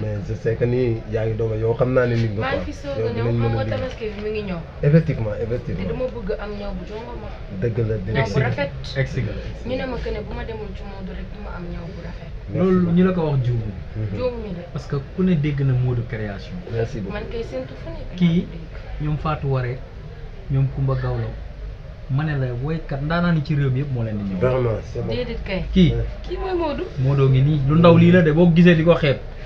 mais je que nii yaa ngi doog a yow xam naa ne nit nga quoi. bi mi ngi ñëw. effectivement effectivement te dama bëgg am ñëw bu jox ma. dëgg la dëgg que la ko mhm. de. parce dégg na Modou création. merci beaucoup kii ñoom Fatou Waré ñoom ma ne la woykat ndaanaa ni ci réew mi yëpp moo leen di ñëw. vraiment c'est bon kay. kii kii mooy Modou. Modou ngi nii lu ndaw lii la de boo gisee di ko xeeb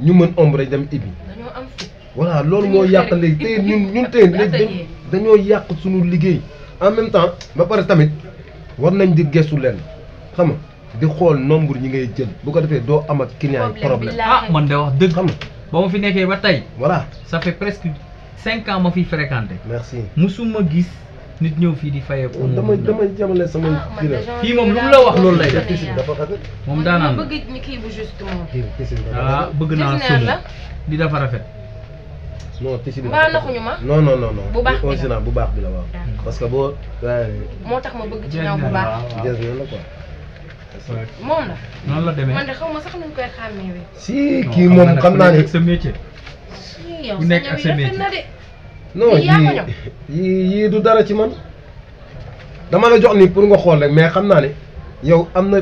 nous sommes ombre et dem ibi voilà hommes. Nous nous léegi les ñun ñun sommes léegi dañoo nous liggéey en même temps ba sommes tamit war nañ di gestu leen xam nga di le nombre ñi ngay jël bu ko am ak problème ah man de wax hommes. voilà ça fait presque cinq ans ma suis fréquenté merci musuma gis nit ñëw fii di fayeeku. damay damay jamale sama ah, kii la kii moom lu la wax loolu lay def. moom daanaan ah, bëgg ah, bëgg naa sunu li dafa rafet. non tissu bu baax bi la que boo. moo tax ma bëgg la quoi. moom man de xaw ma sax nuñ koy xàmmee. si kii moom xam naa nekk ak sa métier. ku nekk ak sa métier. non yii yii du dara ci man dama la jox nii pour nga xool rek mais xam naa ne yow am na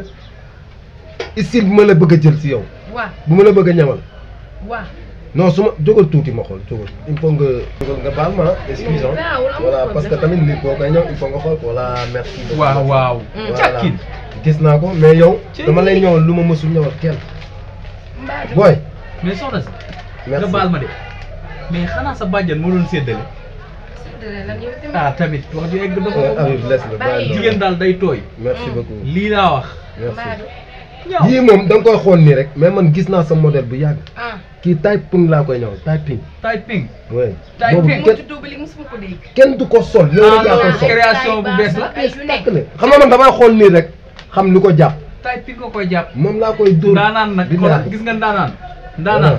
style bu ma la bëgg jël si yow. waaw bu ma la bëgg a ñamal. waaw non su tuuti ma xool jógal il faut nga. nga baal ma excuse voilà parce que tamit nit boo koy ñëw il faut nga xool ko voilà merci. waaw waaw mm. voilà gis naa ko mais yow. dama lay ñëwal lu ma mësul ñëwal kenn. mais xanaa sa bàjjan moo doon séddale. séddale tamit. ah tamit wax ju egg doxul. Ah, bàyyi daal day merci mm. beaucoup lii laa wax. yii moom danga nga koy xool nii rek. mais man gis naa sa modèle bu yàgg. Ah. kii typing laa koy ñëw typing. typing. oui kenn du ko sol. yow rek ah, koy sol création bu bees la. xam nga man damay xool nii rek xam lu ko jàpp. typing nga koy jàpp. moom laa koy dóor. daanaan nag gis nga daanaan. daanaan.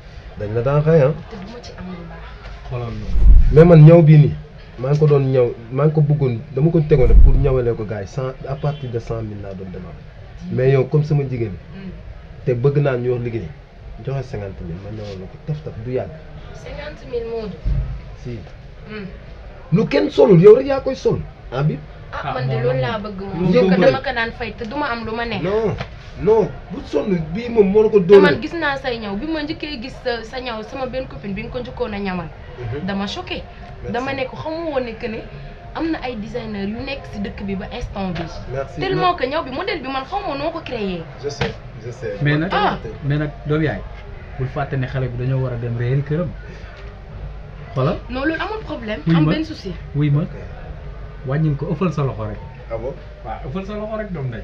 dañ na daan xëy am ah. lu mais man ñaw bii nii maa ngi ko doon ñaw maa ngi ko bëggoon dama ko tegoon pour ñawalee ko gars yi cent à partir de cent mille laa doon demande mais yow comme sama jigéen mm. te bëgg naa ñu wax liggéey joxe cinquante mille ma ñawal la ko taf taf du yàgg. Mm. lu kenn solul yow rek yaa koy sol. ah bi. man de ah, loolu laa bëgg moom. dama ko daan fay te duma am lu ma neex. non bu sonn bii moom moo la ko doon. man gis naa say ñaw bi ma njëkkee gis sa ñaw sama benn copine bi nga ko njëkkoon a ñamal. Mhm. dama choqué. dama nekk xamu woon ne que ne am na ay designer yu nekk si dëkk bi ba instant bi merci tellement ñaw bi modèle bi man xaw ma noo ko créé. je sais je mais nag ah. mais nag doom yaay bul fàttani xale bi dañoo war a dem réer këram xoolal. non loolu amul problème. am benn souci. wuy ma wàññil ko ëffal sa loxo rek. Ah sa loxo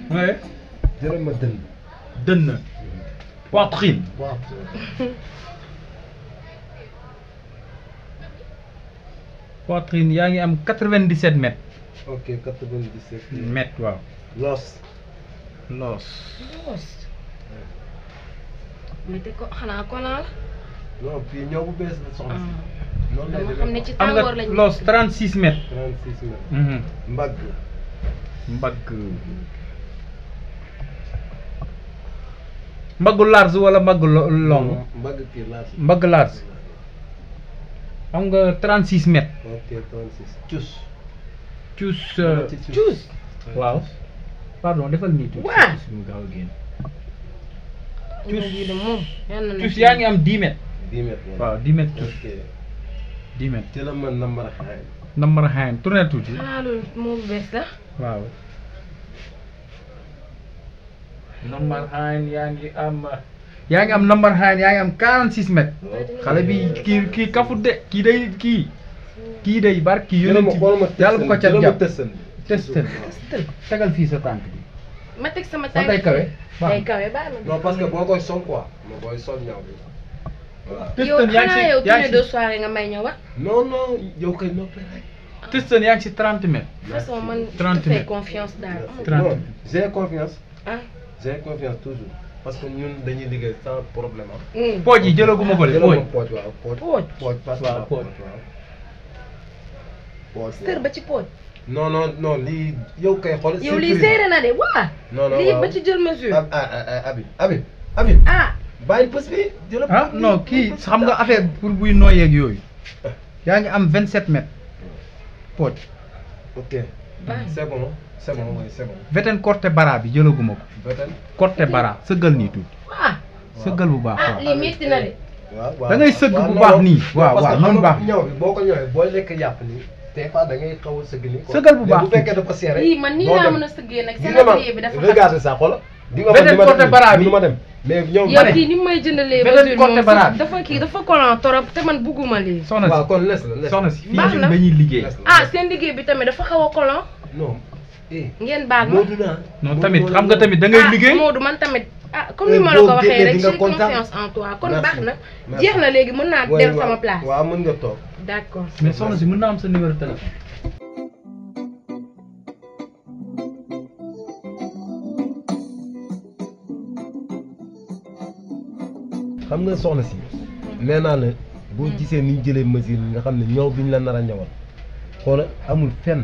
oui. jëlal ma dënn. dënn. poitrine. poitrine. poitrine yaa ngi am quatre-vingt-dix-sept mètres. ok waaw. loos. loos. loos. mais te ko xanaa konaal. non fii ñoo ah. ci am nga loos trente-six mètres. trente-six mhm. mbaggu large wala mbaggu long transis large xam nga 36 mètres. ok 36 chus chus chus Wow. pardon defal nii tuuti. waaw suñu gaaw a génn. cuus cuus ngi am 10 mètres. 10 mètres waaw 10 mètres cuus. 10 mètres. la man nambar nambar number hand yaa ngi am. yaa ngi am number hand yaa ngi am 46 mètres. xale bi kii kii kafut de kii day kii. kii de barki yonent bi yàlla bu ko cat jàpp testel tegal fii sa tànk bi. ma teg sama tànk day kawe. day kawe baax na parce que boo koy sol quoi. boo nga may ñëwaat. Ah? non non yow kay noppi rek. Ah. testel yaa ngi j'ai confiance toujours parce que ñun dañuy liggéey sans problème hein. mm. Pourquoi tu jëlaguma ko de. Pourquoi pote non non non li, yow kay ci. yow li na dé, wa. non non ba ci jël mesure. ah ah ah Ne ah, ah. bi jël. ah non pas. xam nga affaire pour buy ah. am 27 mètres. ok c'est bon. c'est bon mooy c'est bon. veten corte bara bi jëlaguma ko. veten corte bara sëggal nii tuuti. ah sëggal bu baax. ah lii métti na de. waaw da ngay nii. waaw waaw noonu baax parce boo ko ñëwee boo lekk yàpp nii. des ngay xaw a sëgg nii. sëggal bu baax bu fekkee dafa seere. yii man nii laa mën a sëggee nag. seen bi dafa xam regarde ça di nga bara bi ma dem mais ñoom ma ne kii may jëndalee beneen côté bara bi dafa kii dafa collant trop te man bugguma lii. soxna si waaw kon les la si fii dañuy liggéey. ah seen bi tamit dafa xaw a collant. non. Eh, ngeen baal ma non tamit xam nga tamit da ngay ah, liggéey Modou man tamit ah comme eh, ni ma la ko waxee rek j'ai confiance en toi kon baax na jeex na léegi mën naa dem sama place waaw mën nga toog d' mais soxna si mën naa am sa numéro téléphone xam nga soxna si nee la boo hmm. gisee ni ñu jëlee mesure nga xam ne ñow bi la nar a xoola amul fenn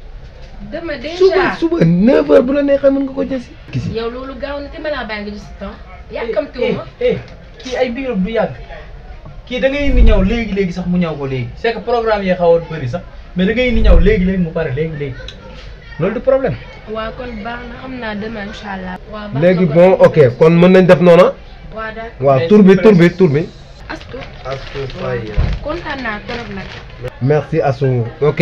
dama denc suba suba 9h bu la neexee mën nga ko jësi. gis yow loolu gaaw na te mën naa bàyyi nga gis temps. yàkkamtuwuma eh, eh, eh, kii ay biir du yàgg kii da ngay indi ñaw léegi léegi sax mu ñaw ko legi. c'est que programme yi xawoon bëri sax mais da ngay legi ñaw léegi mu pare léegi léegi loolu du problème. wa kon baax na xam naa demain incha allah. waaw baax bon ok kon mën nañ def noonu. Ah? wa daal waaw tur bi tur bi tur bi. Astou. Astou Faye. kontaan trop nag. merci Astou ok.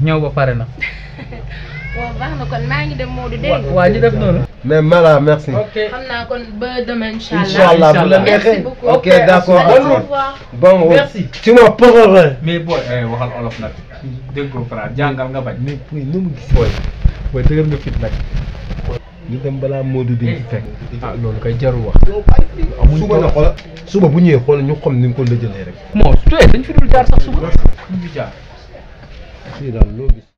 ñëw ba pare na. waaw baax na kon maa ngi dem Modou dégg nga. waaw ñu def noonu. mais Mala merci. ok xam naa kon ba demain incha allah. incha allah merci beaucoup ok d' accord. bon merci. tu m'as parlé. mais booy eh, waxal olof nag déggoo Fra jàngal nga bañ. mais booy nu mu gis. booy booy dëgër nga fit nag. ñu dem balaa Modou di ci fekk. Eh. ah loolu kay jarul wax. suba na xool suba bu ñëwee xool ñu xam ni nga ko lëjëlee rek. bon su dañ fi dul jaar sax suba. ñu jaar. la Luis.